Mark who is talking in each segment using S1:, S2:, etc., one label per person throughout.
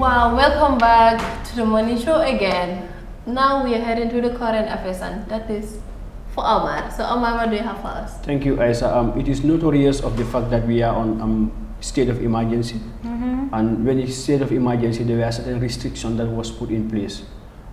S1: Wow, welcome back to the morning show again. Now we are heading to the current affairs, and that is for Omar. So Omar, what do you have for us?
S2: Thank you, Aisa. Um, it is notorious of the fact that we are on um, state of emergency. Mm -hmm. And when it's state of emergency, there were certain restrictions that was put in place.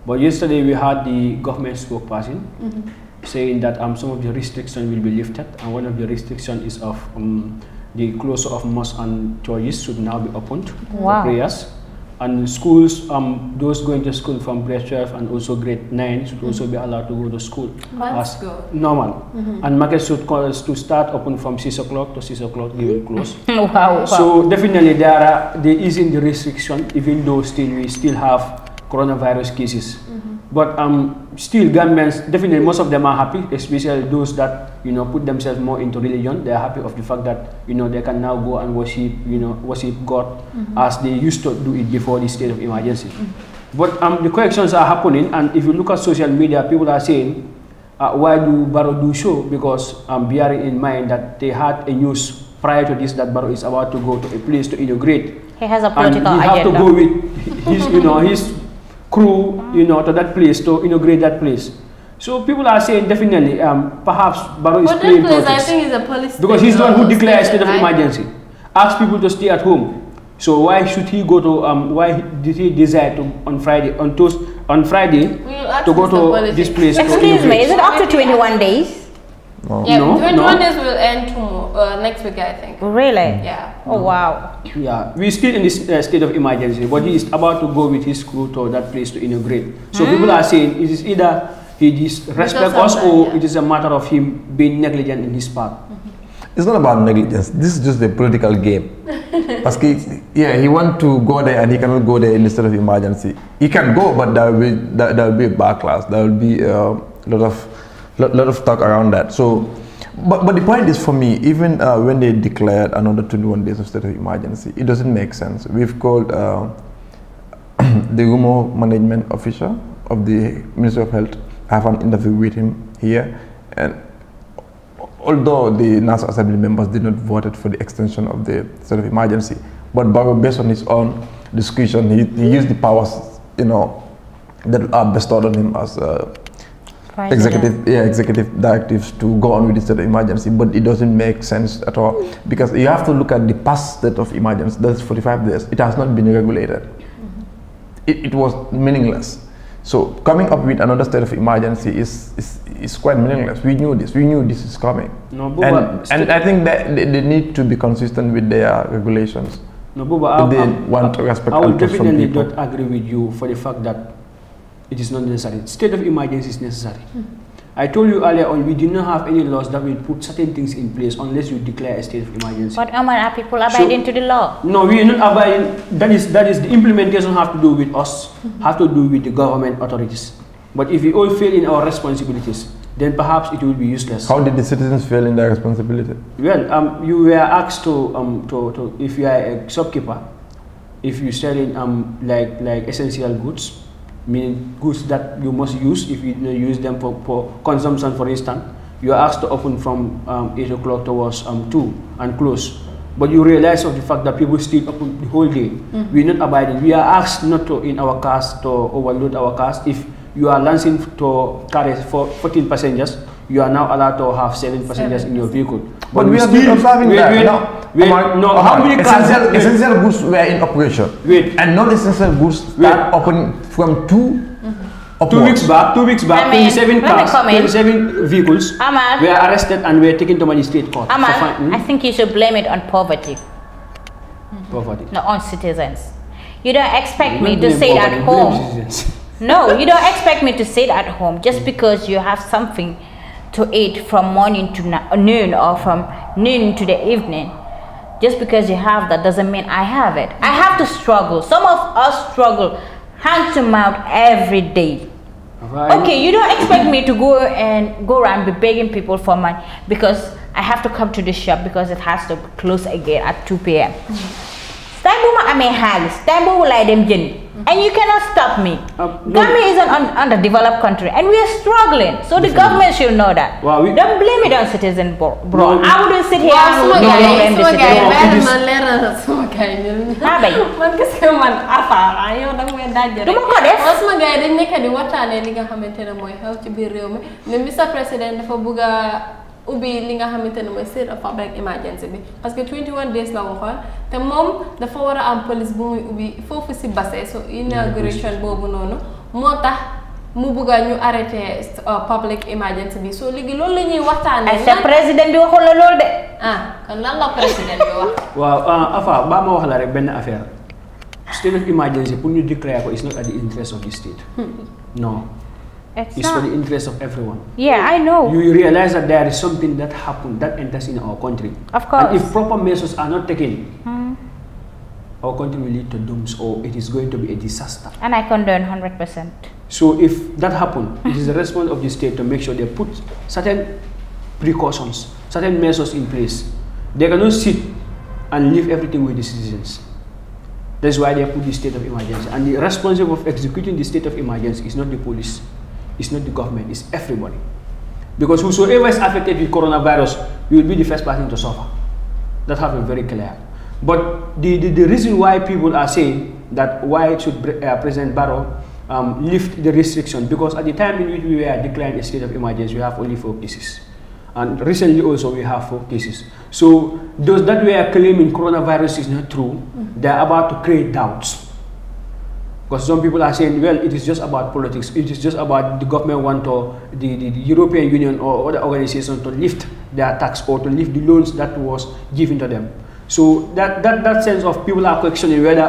S2: But yesterday we had the government spokesperson mm -hmm. saying that um, some of the restrictions will be lifted. And one of the restrictions is of um, the closure of mosques and churches should now be opened wow. for prayers. And schools, um, those going to school from grade 12 and also grade 9 should also be allowed to go to school. as Normal. Mm -hmm. And markets should close to start open from 6 o'clock to 6 o'clock, they will close. wow, wow, So definitely there, are, there isn't the restriction, even though still we still have coronavirus cases. Mm -hmm. But um, still, governments, definitely most of them are happy, especially those that, you know, put themselves more into religion. They are happy of the fact that, you know, they can now go and worship, you know, worship God mm -hmm. as they used to do it before the state of emergency. Mm -hmm. But um, the corrections are happening, and if you look at social media, people are saying, uh, why do Baro do so?" Because um, bearing in mind that they had a news prior to this that Baro is about to go to a place to integrate.
S3: He has a political and he agenda. have to go with
S2: his, you know, his crew, you know, to that place to inaugurate that place. So people are saying definitely, um, perhaps Baro is playing politics. I think
S1: a policy because he's the one who declares state of emergency,
S2: Ask people to stay at home. So why should he go to? Um, why did he decide to on Friday on, on Friday to go to this place? Excuse me, is it after
S3: 21
S1: days?
S2: Yeah, no, 21 no. days
S1: will end tomorrow, uh, next week, I think.
S2: Really?
S1: Yeah. Oh, wow.
S2: Yeah, we're still in this uh, state of emergency, but he is about to go with his crew to that place to integrate. So mm. people are saying it is either he disrespects us or yeah. it is a matter of him being negligent in his part. Mm-hmm.
S4: It's not about negligence. This is just a political game.
S2: Because,
S4: yeah, he wants to go there and he cannot go there in the state of emergency. He can go, but there will be, there, there will be a backlash. There will be a uh, lot of lot, lot of talk around that. So, but but the point is for me, even uh, when they declared another 21 days of state of emergency, it doesn't make sense. We've called uh, the rumor management officer of the Ministry of Health have an interview with him here, and although the National Assembly members did not vote for the extension of the state of emergency, but Barrow, based on his own discretion, he, he used the powers you know that are bestowed on him as. Uh, executive yeah. yeah. executive directives to go on with the state of emergency but it doesn't make sense at all hmm. because you have to look at the past state of emergency that's 45 days it has not been regulated mm-hmm. it, it was meaningless so coming up with another state of emergency is, is, is quite meaningless. We knew this. We knew this is coming. No, but and, but and I think that they, they, need to be consistent with their regulations. No, but, I, I, I will definitely not
S2: agree with you for the fact that it is not necessary. State of emergency is necessary. Mm I told you earlier on, we do not have any laws that will put certain things in place unless you declare a state of emergency. But
S3: Aman, are people abiding so, to the law?
S2: No, we are not abiding. That is, that is the implementation have to do with us, mm -hmm. have to do with the government authorities. But if we all fail in our responsibilities, then perhaps it
S4: will be useless. How did the citizens fail in their responsibility?
S2: Well, um, you were asked to, um, to, to, if you are a shopkeeper, if you selling um, like, like essential goods, meaning goods that you must use if you use them for, for consumption, for instance. You are asked to open from um, 8 o'clock towards um, 2 and close. But you realize of the fact that people still open the whole day. Mm -hmm. We're not abiding. We are asked not to, in our cars, to overload our cars. If you are launching to carry for 14 passengers, you are now allowed to have seven passengers in your vehicle. But, but we, we are still observing wait, that. Wait, wait, no, how many essential, essential goods were
S4: in operation? Wait. And non-essential goods start opening from two Upwards. Two weeks back, two weeks back, I mean, 27 cars,
S2: 27
S4: vehicles
S3: Amal, were arrested
S2: and were taken to magistrate court. Amal, hmm? I
S3: think you should blame it on poverty. Poverty? No, on citizens. You don't expect me to say it at home. No, you don't expect me to it at home just because you have something to eat from morning to noon or from noon to the evening just because you have that doesn't mean i have it i have to struggle some of us struggle hand to mouth every day right. okay you don't expect me to go and go around be begging people for money because i have to come to the shop because it has to close again at 2 p.m stambu ma ame stambu wulay dem and you cannot stop me. Uh, Gambia is an un underdeveloped country, and we are struggling. So the government should know that. we, Don't blame it on citizen bro. No, I wouldn't sit here and no, blame no, the citizen.
S1: Ah, man ah, gis nga man affaire ah ko di président for bugg ubbi li nga xamante ne mooy state of public emergency bi parce que 21 days la waxoon te moom dafa war a am police bu muy ubbi foofu si base so inauguration boobu noonu moo tax mu bugg a ñu arrêté euh, public emergency bi soo léegi loolu la ñuy waxtaanee. ay président bi waxul la loolu de. ah kon lan la président bi
S2: wax. waaw ah Afa baa ma wax la rek benn affaire state of emergency pour ñu déclarer ko is not at interest of the state. Hmm. non. it's for the interest of everyone.
S3: Yeah, I know.
S2: You, realize that there is something that happened that enters in our country. Of course. And if proper measures are not taken, hmm. our country will lead to dooms or it is going to be a disaster.
S3: And I condone 100%.
S2: So if that happens, it is the response of the state to make sure they put certain precautions, certain measures in place. They cannot sit and leave everything with the citizens. That's why they put the state of emergency. And the responsible of executing the state of emergency is not the police. It's not the government, it's everybody. Because whosoever is affected with coronavirus, you will be the first person to suffer. That has been very clear. But the, the, the, reason why people are saying that why should uh, President Barrow um, lift the restriction, because at the time in which we were declaring a state of emergency, we have only four cases. And recently also we have four cases. So those that were claiming coronavirus is not true, mm -hmm. they're about to create doubts because some people are saying, well, it is just about politics. It is just about the government want or the, the, the, European Union or other organizations to lift their tax or to lift the loans that was given to them. So that, that, that sense of people are questioning whether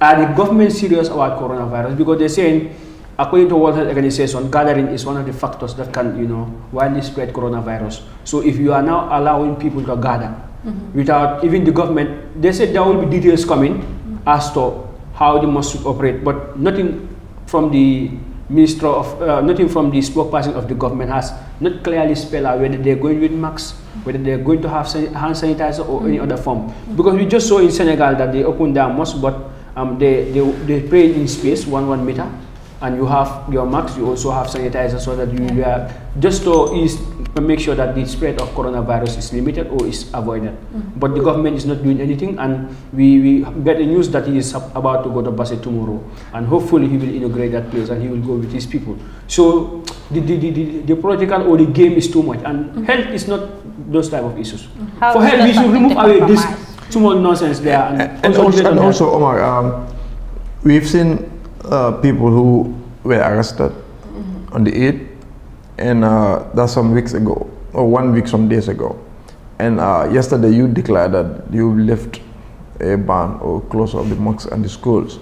S2: are the government serious about coronavirus because they're saying, according to World Health Organization, gathering is one of the factors that can, you know, widely spread coronavirus. So if you are now allowing people to gather mm -hmm. without even the government, they said there will be details coming mm -hmm. as to how the mosque should operate, but nothing from the minister of, uh, nothing from the spokesperson of the government has not clearly spelled out whether they're going with masks, whether they're going to have hand sanitizer or mm -hmm. any other form. Because we just saw in Senegal that they opened their mosque, but um, they, they, they pray in space, one, one meter and you have your masks, you also have sanitizer so that you are just to make sure that the spread of coronavirus is limited or is avoided. Mm -hmm. But the government is not doing anything, and we, we get the news that he is about to go to Basse tomorrow, and hopefully he will inaugurate that place and he will go with his people. So the, the, the, the, the political or the game is too much, and mm -hmm. health is not those type of issues. Mm -hmm. For health, we should remove away this much nonsense
S4: there. And, and, and also, and also, Omar, um, we've seen uh, people who were arrested on the 8th, and uh, that's some weeks ago, or one week, some days ago. And uh, yesterday you declared that you lift a ban or close of the mosques and the schools.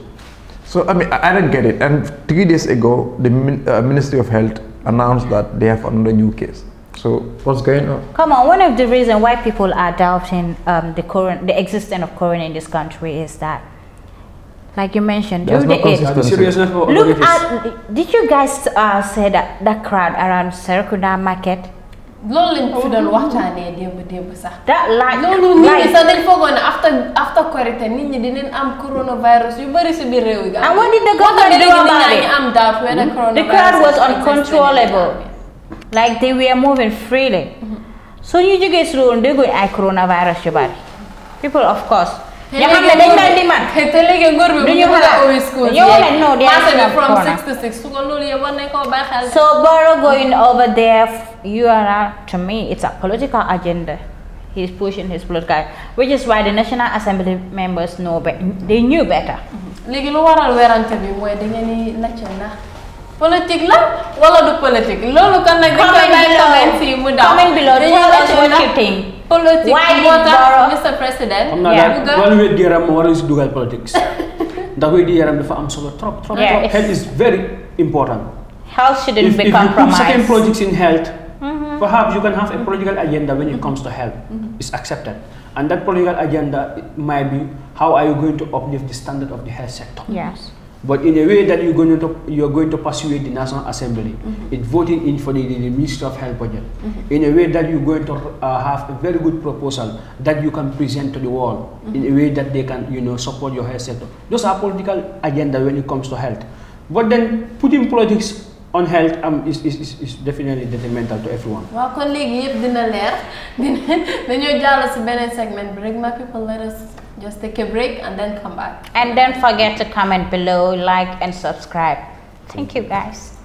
S4: So, I mean, I, I don't get it. And three days ago, the min uh, Ministry of Health announced that they have another new case. So, what's going on?
S3: Come on, one of the reasons why people are doubting um, the, current, the existence of corona in this country is that like you mentioned There's during the aid. Look at, did you guys uh, say that the crowd around Serkuda market?
S1: loolu lañ no. doon waxtaanee démb démb sax. da laaj loolu nit ñi sax dañ foogoon after after korite nit ñi dinañ am coronavirus yu bëri si biir réew yi. and what did the government do about it? am doubt whether coronavirus hmm? the crowd was uncontrollable.
S3: like they were moving freely. Mm-hmm. so you guys si loolu go. ay coronavirus yu bëri people of course. ñoo xam ne dañ daan di te léegi ngóor bi duñu xalaat ñu wala no they are still from six
S1: to six su ko so Barrow going over
S3: there you are to me it's a political agenda he's pushing his political which is why the National Assembly members know better they knew better
S1: léegi lu waral werante bi mooy da ngeen di la wala du politique loolu kan nag comment below comment below politique moo tax Mr President. xam naa daal wàllu
S2: wér gi yaram moo waral si politics ndax way the yaram dafa am solo trop
S3: trop trop health
S2: is very important.
S3: health shouldn't be compromised. If you put certain
S2: projects in health, perhaps mm-hmm. you can have a political agenda when it comes to health. Mm-hmm. It's accepted. And that political agenda might be how are you going to uplift the standard of the health sector? Yes but in a way that you're going to you're going to persuade the National Assembly mm -hmm. in voting in for the, the Minister of Health budget, mm -hmm. in a way that you're going to uh, have a very good proposal that you can present to the world mm -hmm. in a mm-hmm. way that they can you know support your health sector. Those are political agenda when it comes to health, but then putting politics on health um, is, is, is definitely detrimental to everyone.
S1: Well, colleague, yep, dinner, dinner. Then you jealous, segment. Bring my people, let us. Just take a break and then come back.
S3: And don't forget to comment below, like, and subscribe. Thank you, guys.